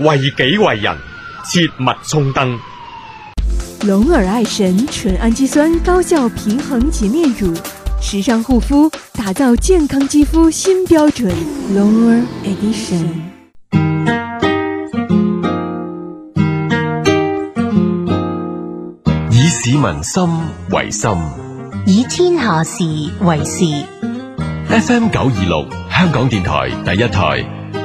為己為人，切勿衝燈。龍爾愛神純氨基酸高效平衡潔面乳，時尚護膚，打造健康肌膚新標準。Lower Edition。以市民心為心，以天下事為事。FM 九二六，香港電台第一台。